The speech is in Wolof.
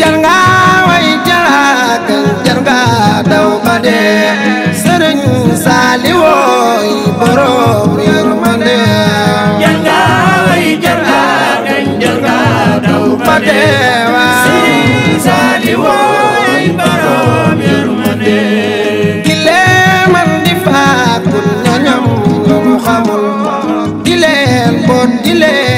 jar nga way jaraakan jar nga daw ba dee sëriñ saali wooy borom yërmande jar nga way jaraakan jar nga daw ba dee waa sëriñ saali wooy borom yërmande di leen man di faakul ñoñam ñu xamul di leen bon di leen